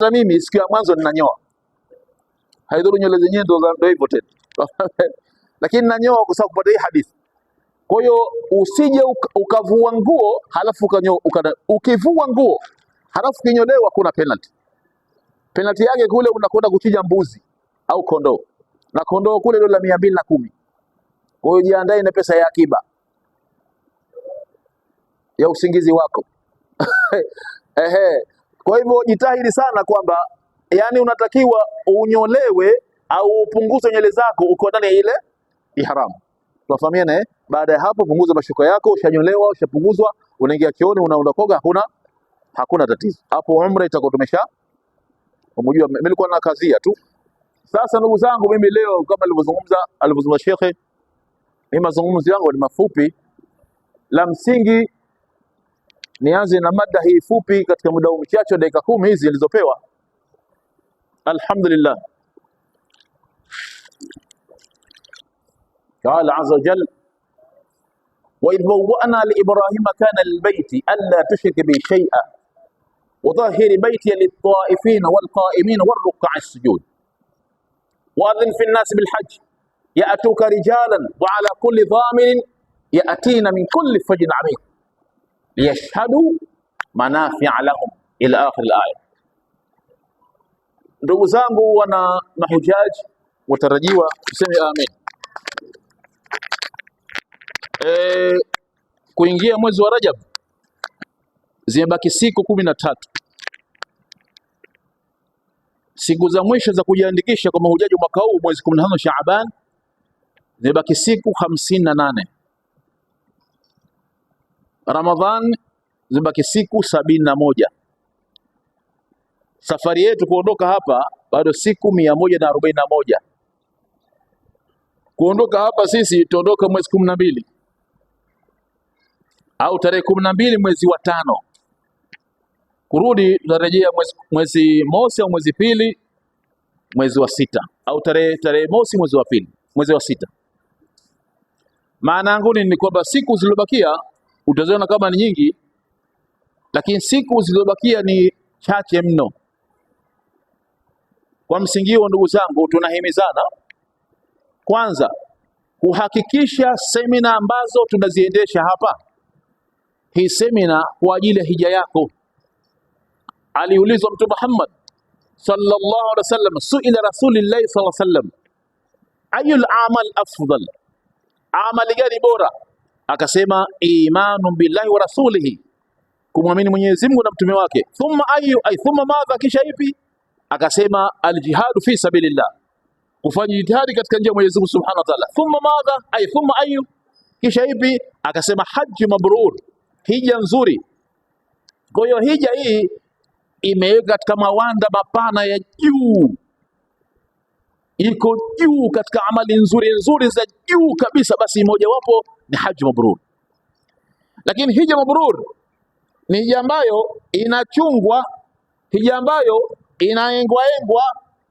Na mimi siku ya mwanzo ninanyoa, haidhuru nywele zenyewe ndio hivyo tena lakini nanyoa kwa sababu kupata hii hadithi. Kwa hiyo usije ukavua nguo halafu ukanyoa. Ukivua nguo halafu kinyolewa, kuna penalty. Penalty yake kule unakwenda kuchinja mbuzi au kondoo, na kondoo kule dola mia mbili na kumi. Kwa hiyo jiandae na pesa ya akiba ya usingizi wako ehe kwa hivyo jitahidi sana kwamba yani unatakiwa unyolewe au upunguze nywele zako uko ndani ya ile ihram. Tunafahamiana eh? Baada ya hapo punguza mashuka yako, ushanyolewa, ushapunguzwa, unaingia chooni, unaenda koga hakuna hakuna tatizo. Hapo umra itakuwa tumesha. Umejua mimi nilikuwa na kazia tu. Sasa ndugu zangu, mimi leo kama alivyozungumza alivyozungumza shekhe, mimi mazungumzo yangu ni mafupi, la msingi Nianze na mada hii fupi katika muda huu mchache wa dakika kumi hizi nilizopewa. Alhamdulillah, qala azza wa jalla wa idh bawwa'na li ibrahima kana lilbayti alla tushrik bi shay'a wa tahhir baytiya lit-ta'ifina wal-qa'imina war-ruk'a'is sujud wa adhin fi an-nas bil-hajj ya'tuka rijalan wa 'ala kulli dhamirin ya'tina min kulli fajjin 'amik liyashhadu manafia lahum ila akhir al-aya. Ndugu zangu wana mahujaji watarajiwa, tuseme amin. E, kuingia mwezi wa Rajab zimebaki siku kumi na tatu. Siku za mwisho za kujiandikisha kwa mahujaji mwaka huu mwezi 15 Shaaban zimebaki siku hamsini na nane. Ramadhan zimebaki siku sabini na moja. Safari yetu kuondoka hapa bado siku mia moja na arobaini na moja. Kuondoka hapa sisi tuondoka mwezi kumi na mbili au tarehe kumi na mbili mwezi wa tano. Kurudi tutarejea mwezi, mwezi mosi au mwezi pili mwezi wa sita au tarehe tarehe mosi mwezi wa pili mwezi wa sita. Maana yangu ni kwamba siku zilizobakia utaziona kama ni nyingi, lakini siku zilizobakia ni chache mno. Kwa msingi huo, ndugu zangu, tunahimizana kwanza kuhakikisha semina ambazo tunaziendesha hapa, hii semina kwa ajili ya hija yako. Aliulizwa Mtume Muhammad sallallahu alaihi wasallam, suila rasulillahi sallallahu alaihi wasallam, ayul amal afdal, amali gani bora akasema imanu billahi wa rasulihi, kumwamini Mwenyezi Mungu na mtume wake. Thumma ayu ay thumma madha, kisha ipi? Akasema aljihadu fi sabilillah, kufanya jihadi katika njia ya Mwenyezi Mungu subhanahu wa ta'ala. Thumma madha ay thumma ayu, kisha ipi? Akasema haji mabrur, hija nzuri. Kwa hiyo hija hii imeweka katika mawanda mapana ya juu, iko juu katika amali nzuri nzuri za juu kabisa. Basi mojawapo ni haji mabrur. Lakini hija mabrur ni hija ambayo inachungwa, hija ambayo inaengwaengwa,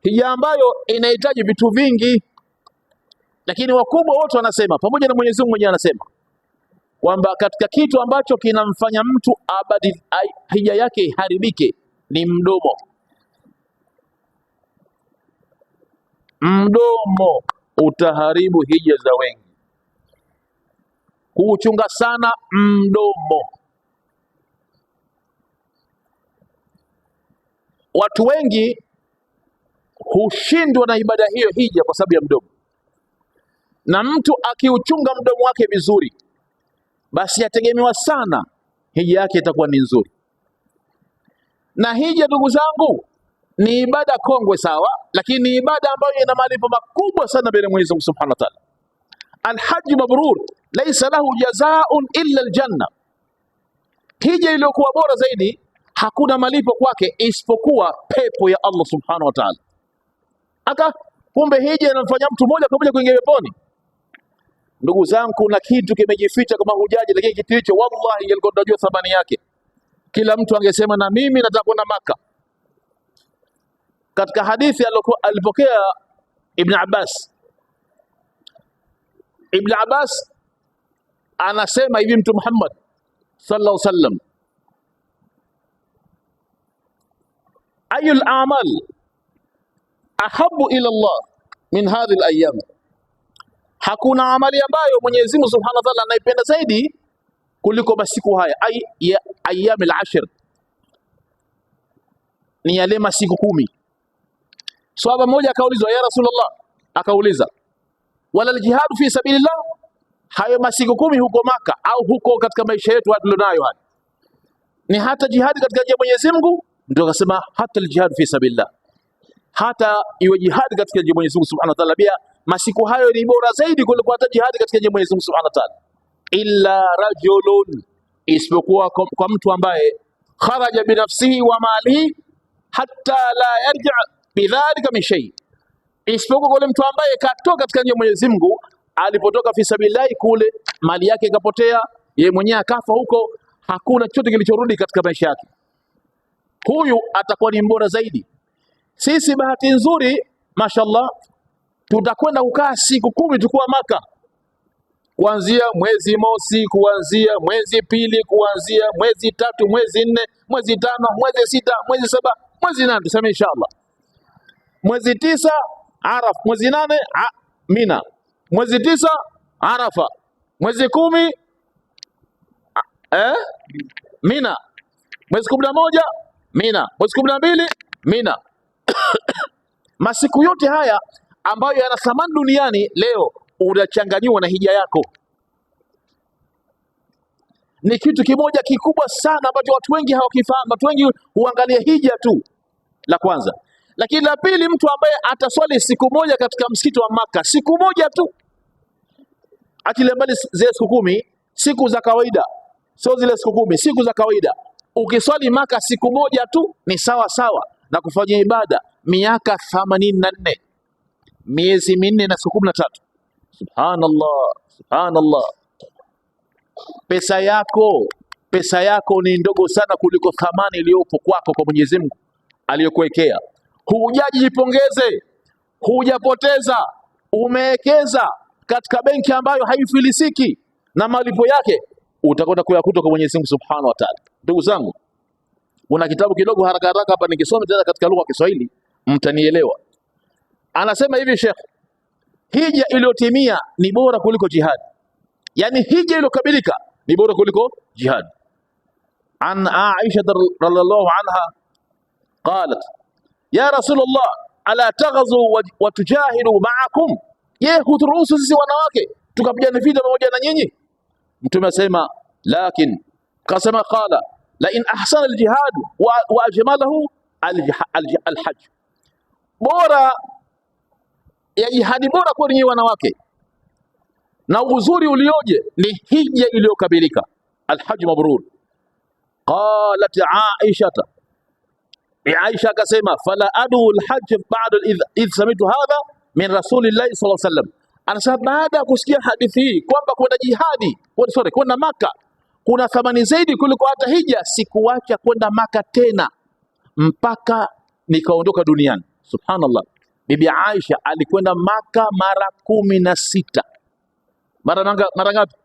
hija ambayo inahitaji vitu vingi. Lakini wakubwa wote wanasema pamoja na Mwenyezi Mungu mwenyewe anasema kwamba katika kitu ambacho kinamfanya mtu abadi hija yake iharibike ni mdomo. Mdomo utaharibu hija za wengi kuuchunga sana mdomo. Watu wengi hushindwa na ibada hiyo hija kwa sababu ya mdomo, na mtu akiuchunga mdomo wake vizuri, basi yategemewa sana hija yake itakuwa ni nzuri. Na hija, ndugu zangu, ni ibada kongwe sawa, lakini ni ibada ambayo ina malipo makubwa sana mbele Mwenyezi Mungu Subhanahu wa Ta'ala alhaji mabrur laisa lahu jazaun illa aljanna, hija iliyokuwa bora zaidi hakuna malipo kwake isipokuwa pepo ya Allah subhanahu wa ta'ala. Aka kumbe hija inamfanya mtu moja kwa moja kuingia peponi. Ndugu zangu, na kitu kimejificha kwa mahujaji, lakini kitu hicho wallahi, ingekuwa tunajua thamani yake, kila mtu angesema na mimi nataka kwenda Maka. Katika hadithi alipokea Ibn Abbas Ibn Abbas anasema hivi, Mtume Muhammad sallallahu alaihi wasallam, ayul amal ahabu ila Allah min hadhi al-ayyam, hakuna amali ambayo Mwenyezi Mungu Subhanahu wa Ta'ala anaipenda zaidi kuliko masiku haya ay ya ayyam al-ashr, ni yale masiku kumi. Swahaba mmoja akaulizwa, ya Rasulullah, akauliza wala aljihadu fi sabilillah. Hayo masiku kumi huko Maka au huko katika maisha yetu tulionayo haya ni hata jihadi katika njia ya Mwenyezi Mungu, ndio akasema hata aljihadu fi sabilillah, hata iwe jihadi katika njia ya Mwenyezi Mungu Subhanahu wa Ta'ala. Pia masiku hayo ni bora zaidi kuliko hata jihadi katika njia ya Mwenyezi Mungu Subhanahu wa Ta'ala, illa rajulun, isipokuwa kwa mtu ambaye kharaja binafsihi wa malihi hatta la yarji bidhalika min shay isipokuwa kule mtu ambaye katoka katika njia ya Mwenyezi Mungu, alipotoka fi sabilillahi kule, mali yake ikapotea, yeye mwenyewe akafa huko, hakuna chochote kilichorudi katika maisha yake, huyu atakuwa ni mbora zaidi. Sisi bahati nzuri, mashallah, tutakwenda kukaa siku kumi tukuwa Maka, kuanzia mwezi mosi, kuanzia mwezi pili, kuanzia mwezi tatu, mwezi nne, mwezi tano, mwezi sita, mwezi saba, mwezi nane, tuseme inshallah mwezi tisa Araf. Mwezi nane a, Mina. Mwezi tisa Arafa. Mwezi kumi eh, Mina. Mwezi kumi na moja Mina. Mwezi kumi na mbili Mina. Masiku yote haya ambayo yana thamani duniani leo unachanganywa na hija yako. Ni kitu kimoja kikubwa sana ambacho watu wengi hawakifahamu. Watu wengi huangalia hija tu. La kwanza lakini la pili, mtu ambaye ataswali siku moja katika msikiti wa Maka, siku moja tu, akile mbali zile siku kumi, siku za kawaida, sio zile siku kumi, siku za kawaida. Ukiswali Maka siku moja tu ni sawa sawa na kufanya ibada miaka thamanini na nne miezi minne na siku kumi tatu. Subhanallah, subhanallah. Pesa yako pesa yako ni ndogo sana kuliko thamani iliyopo kwako kwa Mwenyezi Mungu aliyokuwekea jipongeze, hujapoteza, umewekeza katika benki ambayo haifilisiki na malipo yake utakwenda kuyakuta kwa Mwenyezi Mungu Subhanahu wa Ta'ala. Ndugu zangu, kuna kitabu kidogo haraka haraka hapa nikisome tena katika lugha ya Kiswahili mtanielewa. Anasema hivi Sheikh, hija iliyotimia ni bora kuliko jihad, yaani hija iliyokabilika ni bora kuliko jihad. An Aisha radhiallahu anha qalat ya Rasulullah, ala taghzu watujahidu maakum, je, huturuhusu sisi wanawake tukapigana vita pamoja na nyinyi? Mtume asema lakin, kasema qala la in ahsana aljihad wa, wa ajmalahu alhajj, bora ya jihadi bora kwa nyinyi wanawake na uzuri ulioje ni hija iliyokamilika. alhaj mabrur. Qalat aishata Aisha akasema fala adu lhaj ba'da idh samitu hadha min rasulillahi sallallahu alaihi wasallam. Anasema baada ya kusikia hadithi hii kwamba kwenda jihadi, sorry, kwenda Maka kuna thamani zaidi kuliko hata hija, sikuacha kwenda Maka tena mpaka nikaondoka duniani. Subhanallah, bibi Aisha alikwenda Maka mara kumi na sita. Mara ngapi?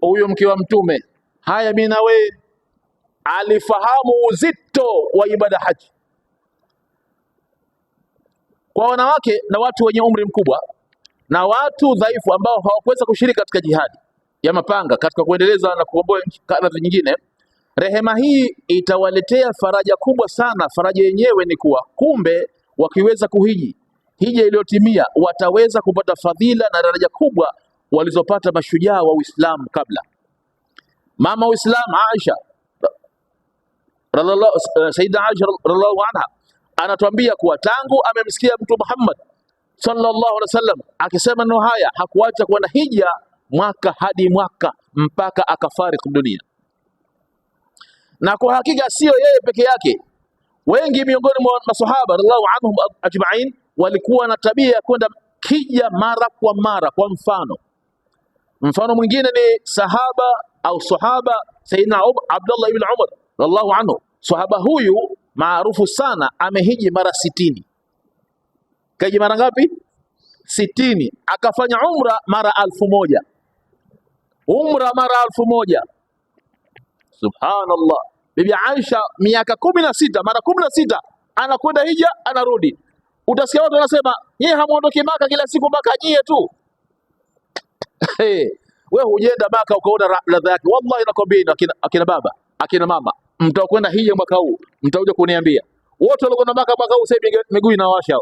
Huyo mke wa Mtume. Haya, mimi na wewe alifahamu uzito wa ibada haji kwa wanawake na watu wenye umri mkubwa na watu dhaifu ambao hawakuweza kushiriki katika jihadi ya mapanga katika kuendeleza na kukomboa kadha nyingine. Rehema hii itawaletea faraja kubwa sana. Faraja yenyewe ni kuwa kumbe, wakiweza kuhiji hija iliyotimia, wataweza kupata fadhila na daraja kubwa walizopata mashujaa wa Uislamu kabla. Mama Uislamu Aisha Eh, Sayyida Aisha radhiallahu anha anatuambia kuwa tangu amemsikia Mtume Muhammad sallallahu alaihi wasallam akisema neno haya hakuacha kwenda hija mwaka hadi mwaka mpaka akafariki dunia. Na kwa hakika siyo yeye peke yake, wengi miongoni mwa masahaba radhiallahu anhum ajma'in walikuwa na tabia ya kwenda hija mara kwa mara. Kwa mfano mfano mwingine ni sahaba au sahaba Sayyidina Abdullah ibn Umar radhiallahu anhu Sahaba huyu maarufu sana amehiji mara sitini. Kaji mara ngapi? Sitini. Akafanya umra mara alfu moja umra mara alfu moja Subhanallah. Bibi Aisha miaka kumi na sita mara kumi na sita anakwenda hija anarudi. Utasikia watu wanasema nyie hamuondoki Maka kila siku mpaka nyie tu we hujenda Maka ukaona ladha yake. Wallahi nakwambia akina, akina baba akina mama mtakwenda hija mwaka huu, mtakuja kuniambia wote walikuwa na Maka mwaka huu. Sasa miguu inawasha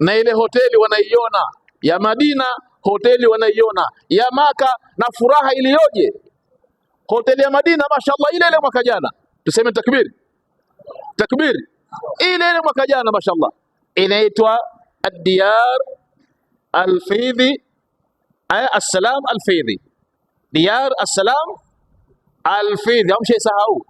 na ile hoteli wanaiona ya Madina, hoteli wanaiona ya Maka, na furaha iliyoje! Hoteli ya Madina mashallah, ile ile mwaka jana, tuseme takbiri, takbiri, ile ile mwaka jana mashallah, inaitwa Diyar Alfidhi, eh, Assalam Alfidhi, Diyar Assalam alfidhi, amshaisahau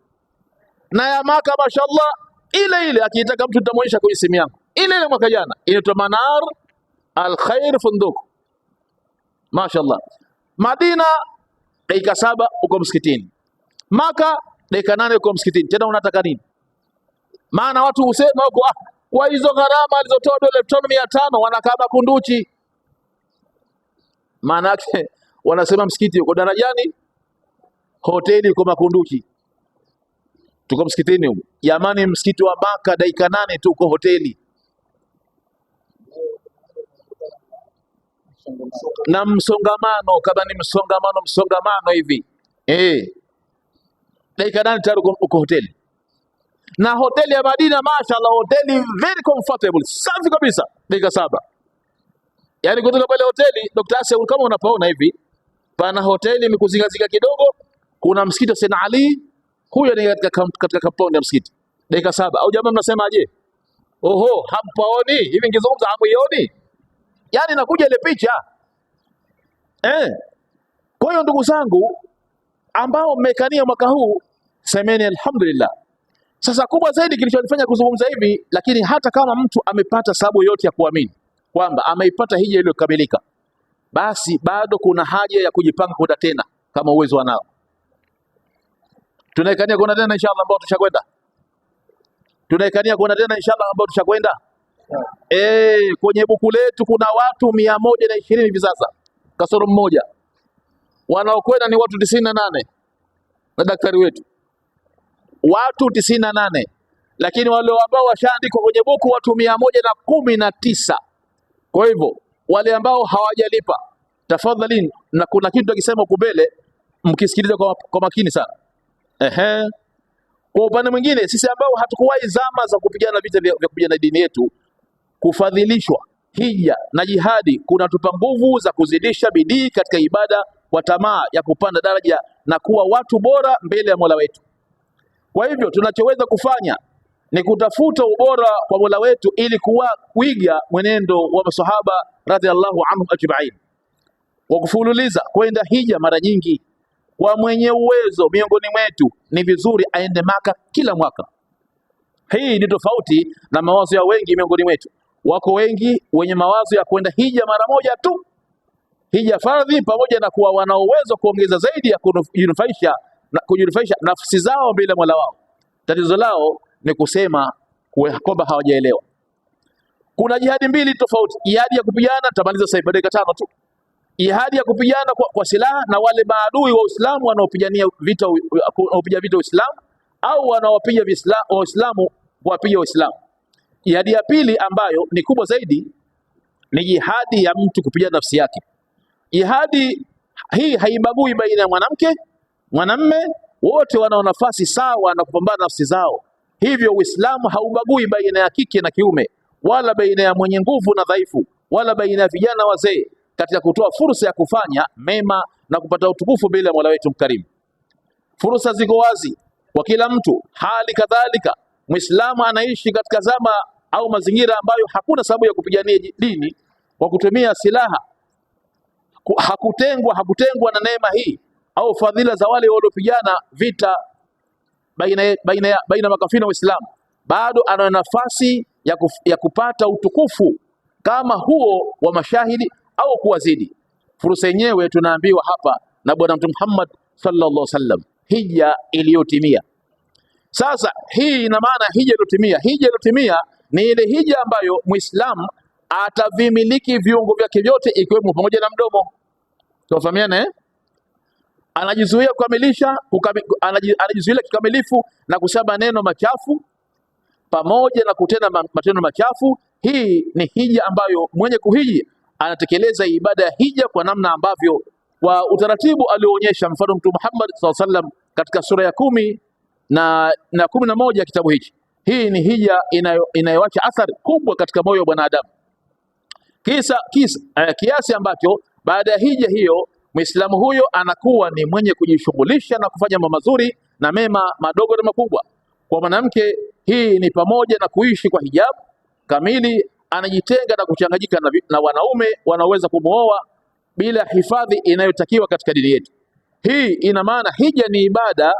na ya Maka, mashallah, ile ile. Akitaka mtu nitamwonyesha kwenye simu yangu ile ile, mwaka jana inaitwa Manar Alkhair Funduk, mashallah. Madina dakika saba uko msikitini, Maka dakika nane uko msikitini. Tena unataka nini? Maana watu husema huko ah, kwa hizo gharama alizotoa dola elfu tano mia tano wanakaa makunduchi. Maana yake wanasema msikiti uko darajani hoteli kwa Makunduchi, tuko msikitini huko. Jamani, msikiti wa Baka dakika nane tu uko hoteli, na msongamano kama ni msongamano msongamano hivi eh, dakika nane tayari uko hoteli. Na hoteli ya Madina mashallah, hoteli very comfortable, safi kabisa, dakika saba yani kutoka pale hoteli Dr. Asia, kama unapaona hivi, pana hoteli imekuzingazinga kidogo kuna msikiti wa Sayyidina Ali, huyo ni katika katika compound ya msikiti, dakika saba. Au jamaa mnasemaje? Oho, hampaoni hivi, ngizungumza hamuioni? Yani nakuja ile picha eh. Kwa hiyo ndugu zangu ambao mmekania mwaka huu, semeni alhamdulillah. Sasa kubwa zaidi kilichonifanya kuzungumza hivi, lakini hata kama mtu amepata sababu yote ya kuamini kwamba ameipata hija iliyokamilika, basi bado kuna haja ya kujipanga kwenda tena kama uwezo anao. Tunaikania kuona tena inshallah ambao tushakwenda. Tunaikania kuona tena inshallah ambao tushakwenda. Yeah. Eh, kwenye buku letu kuna watu mia moja na ishirini hivi sasa kasoro mmoja, wanaokwenda ni watu tisini na nane na daktari wetu watu tisini na nane lakini wale ambao washaandikwa kwenye buku watu mia moja na kumi na tisa Kwa hivyo wale ambao hawajalipa tafadhali na kuna kitu akisema huko mbele mkisikiliza kwa, kwa makini sana. Ehe. Kwa upande mwingine sisi ambao hatukuwahi zama za kupigana vita vya kupigana dini yetu, kufadhilishwa hija na jihadi kunatupa nguvu za kuzidisha bidii katika ibada kwa tamaa ya kupanda daraja na kuwa watu bora mbele ya Mola wetu. Kwa hivyo tunachoweza kufanya ni kutafuta ubora kwa Mola wetu ili kuwa kuiga mwenendo wa masahaba radhiallahu anhum ajmain, kwa kufululiza kwenda hija mara nyingi wa mwenye uwezo miongoni mwetu ni vizuri aende Maka kila mwaka. Hii ni tofauti na mawazo ya wengi miongoni mwetu. Wako wengi wenye mawazo ya kwenda hija mara moja tu, hija fardhi, pamoja na kuwa wana uwezo kuongeza zaidi ya kujinufaisha na kujinufaisha nafsi zao mbele ya Mola wao. Tatizo lao ni kusema kwamba hawajaelewa kuna jihadi mbili tofauti, jihadi ya kupigana. Tamaliza sasa dakika tano tu ihadi ya kupigana kwa, kwa silaha na wale maadui wa Uislamu wanaopigania vita wanaopiga vita Uislamu au wanaopiga Waislamu kuwapiga Waislamu. Ihadi ya pili ambayo ni kubwa zaidi ni jihadi ya mtu kupigana nafsi yake. Jihadi hii haibagui baina ya mwanamke mwanamme, wote wanao nafasi sawa na kupambana nafsi zao. Hivyo Uislamu haubagui baina ya kike na kiume, wala baina ya mwenye nguvu na dhaifu, wala baina ya vijana wazee katika kutoa fursa ya kufanya mema na kupata utukufu mbele ya Mola wetu mkarimu. Fursa ziko wazi kwa kila mtu. Hali kadhalika Muislamu anaishi katika zama au mazingira ambayo hakuna sababu ya kupigania dini kwa kutumia silaha. Hakutengwa, hakutengwa na neema hii au fadhila za wale waliopigana vita baina, baina, baina makafiri na Waislamu, bado ana nafasi ya, ya kupata utukufu kama huo wa mashahidi au kuwazidi. Fursa yenyewe tunaambiwa hapa na Bwana Mtume Muhammad sallallahu alaihi wasallam, hija iliyotimia. Sasa hii ina maana hija iliyotimia, hija iliyotimia ni ile hija ambayo Muislamu atavimiliki viungo vyake vyote ikiwemo pamoja na mdomo. Tunafahamiana eh? Anajizuia kukamilisha kukami, anajizuia kikamilifu na kusema maneno machafu pamoja na kutenda matendo machafu. Hii ni hija ambayo mwenye kuhiji anatekeleza ibada ya hija kwa namna ambavyo kwa utaratibu alioonyesha, mfano Mtume Muhammad sallallahu sallam katika sura ya kumi na, na kumi na moja kitabu hichi. Hii ni hija inayoacha athari kubwa katika moyo wa bwanadamu kisa, kisa, eh, kiasi ambacho baada ya hija hiyo Muislamu huyo anakuwa ni mwenye kujishughulisha na kufanya mambo mazuri na mema madogo na makubwa. Kwa mwanamke hii ni pamoja na kuishi kwa hijabu kamili anajitenga na kuchanganyika na, na wanaume wanaoweza kumwoa bila hifadhi inayotakiwa katika dini yetu. Hii ina maana hija ni ibada,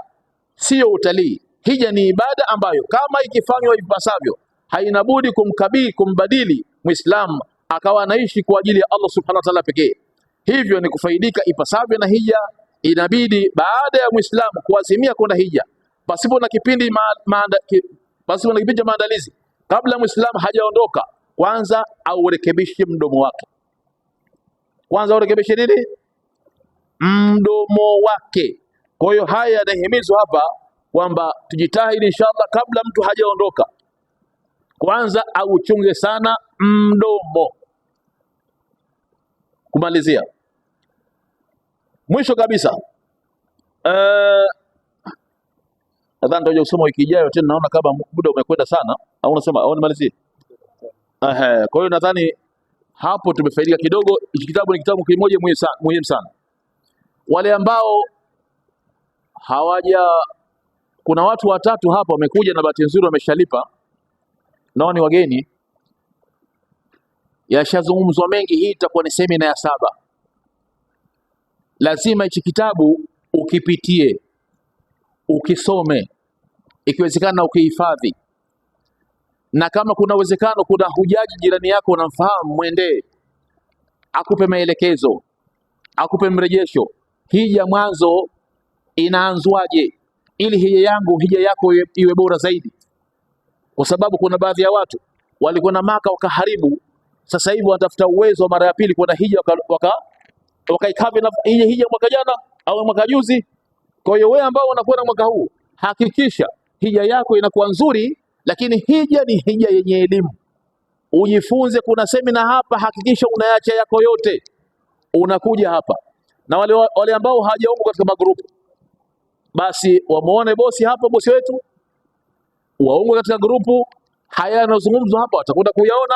siyo utalii. Hija ni ibada ambayo kama ikifanywa ipasavyo haina budi kumkabili kumbadili Muislamu akawa anaishi kwa ajili ya Allah subhanahu wa ta'ala pekee. Hivyo ni kufaidika ipasavyo na hija. Inabidi baada ya Muislamu kuazimia kwenda hija pasipo na kipindi cha maandalizi, kabla Muislamu hajaondoka kwanza aurekebishe mdomo wake, kwanza urekebishe nini? Mdomo wake. Kwa hiyo haya yanahimizwa hapa kwamba tujitahidi inshallah, kabla mtu hajaondoka, kwanza auchunge sana mdomo. Kumalizia mwisho kabisa, eh, nadhani tutakuja kusoma wiki ijayo tena, naona kama muda umekwenda sana, au unasema au nimalizie? Ehe, kwa hiyo nadhani hapo tumefaidika kidogo. Hiki kitabu ni kitabu kimoja muhimu sana. Wale ambao hawaja, kuna watu watatu hapa wamekuja na bahati nzuri wameshalipa, nao ni wageni. Yashazungumzwa mengi, hii itakuwa ni semina ya saba. Lazima hichi kitabu ukipitie, ukisome, ikiwezekana ukihifadhi na kama kuna uwezekano, kuna hujaji jirani yako unamfahamu, mwendee akupe maelekezo, akupe mrejesho. Hija mwanzo inaanzwaje, ili hija yangu hija yako iwe bora zaidi, kwa sababu kuna baadhi ya watu walikwenda Maka wakaharibu. Sasa hivi wanatafuta uwezo wa mara ya pili kwenda hija wakaikavi na hija, hija mwaka jana au mwaka juzi. Kwa hiyo wewe ambao unakwenda mwaka huu hakikisha hija yako inakuwa nzuri lakini hija ni hija yenye elimu, ujifunze. Kuna semina hapa, hakikisha unayacha yako yote, unakuja hapa. Na wale, wale ambao hawajaungu katika magrupu, basi wamuone bosi hapa, bosi wetu, waungu katika grupu. Haya yanayozungumzwa hapa watakwenda kuyaona,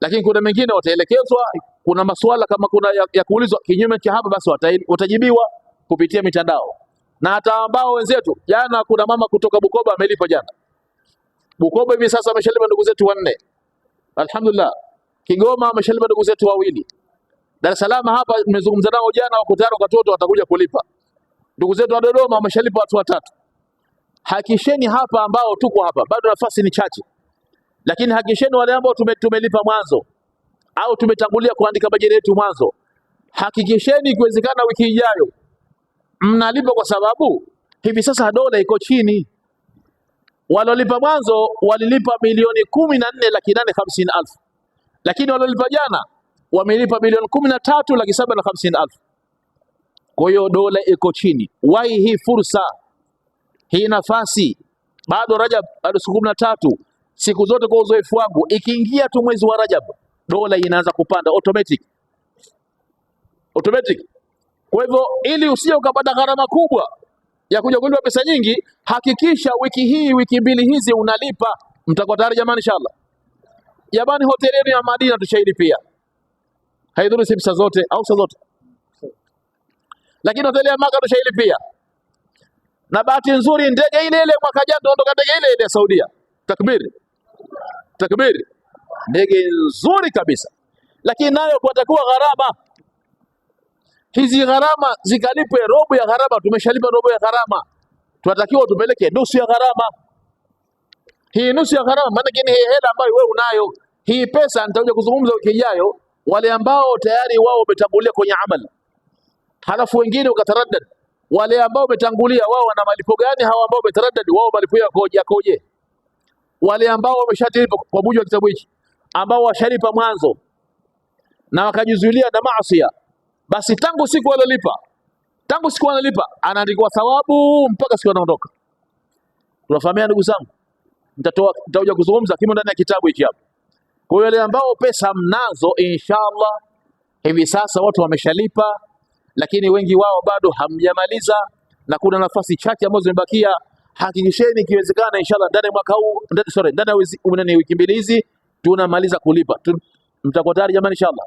lakini kuna mengine wataelekezwa. Kuna masuala kama kuna ya, ya kuulizwa kinyume cha hapa, basi watajibiwa kupitia mitandao. Na hata ambao wenzetu, jana kuna mama kutoka Bukoba amelipa jana Bukoba hivi sasa wameshalipa ndugu zetu wanne, alhamdulillah. Kigoma wameshalipa ndugu zetu wawili. Dar es Salaam hapa nimezungumza nao jana, wako tayari watoto watakuja kulipa. Ndugu zetu wa Dodoma wameshalipa watu watatu. Hakisheni hapa ambao tuko hapa, bado nafasi ni chache, lakini hakisheni wale ambao tumelipa mwanzo au tumetangulia kuandika bajeti yetu mwanzo, hakikisheni ikiwezekana wiki ijayo mnalipa, kwa sababu hivi sasa dola iko chini walolipa mwanzo walilipa milioni kumi na nne laki nane hamsini alfu lakini walolipa jana wamelipa milioni kumi na tatu laki saba na hamsini alfu Kwa hiyo dola iko chini. Wai hii fursa hii nafasi bado Rajab bado siku kumi na tatu siku zote kwa uzoefu wangu, ikiingia tu mwezi wa Rajab dola inaanza kupanda automatic automatic. Kwa hivyo ili usije ukapata gharama kubwa ya kuja kulipa pesa nyingi, hakikisha wiki hii wiki mbili hizi unalipa. Mtakuwa tayari jamani, inshallah. Jamani, hoteli yetu ya Madina tushahidi pia haidhuru si pesa zote au pesa zote, lakini hoteli ya Maka tushahidi pia. Na bahati nzuri ndege ile ile mwaka jana tuondoka ndege ile ile ya Saudia. Takbir, takbir, Ndege nzuri kabisa, lakini nayo kwatakuwa gharama hizi gharama zikalipe, robo ya gharama. Tumeshalipa robo ya gharama, tunatakiwa tupeleke nusu ya gharama. Hii nusu ya gharama maana hii hela ambayo wewe unayo hii pesa, nitakuja kuzungumza wiki ijayo, wale ambao tayari wao wametangulia kwenye amali, halafu wengine ukataraddad. Wale ambao wametangulia wao wana malipo gani? Hao ambao wametaraddad wao malipo yao yakoje? Wale ambao wameshatilipa kwa mujibu wa kitabu hichi, ambao washalipa mwanzo na wakajizuilia na maasi basi tangu siku alolipa, tangu siku analipa anaandikiwa thawabu mpaka siku anaondoka. Tunafahamia ndugu zangu, nitatoa nitakuja kuzungumza kimo ndani ya kitabu hiki hapa. Kwa hiyo wale ambao pesa mnazo, inshallah hivi sasa watu wameshalipa, lakini wengi wao bado hamjamaliza na kuna nafasi chache ambazo zimebakia. Hakikisheni ikiwezekana, inshallah ndani ya mwaka huu sorry, ndani ya wiki mbili hizi tunamaliza kulipa. Mtakuwa tayari jamani, inshallah.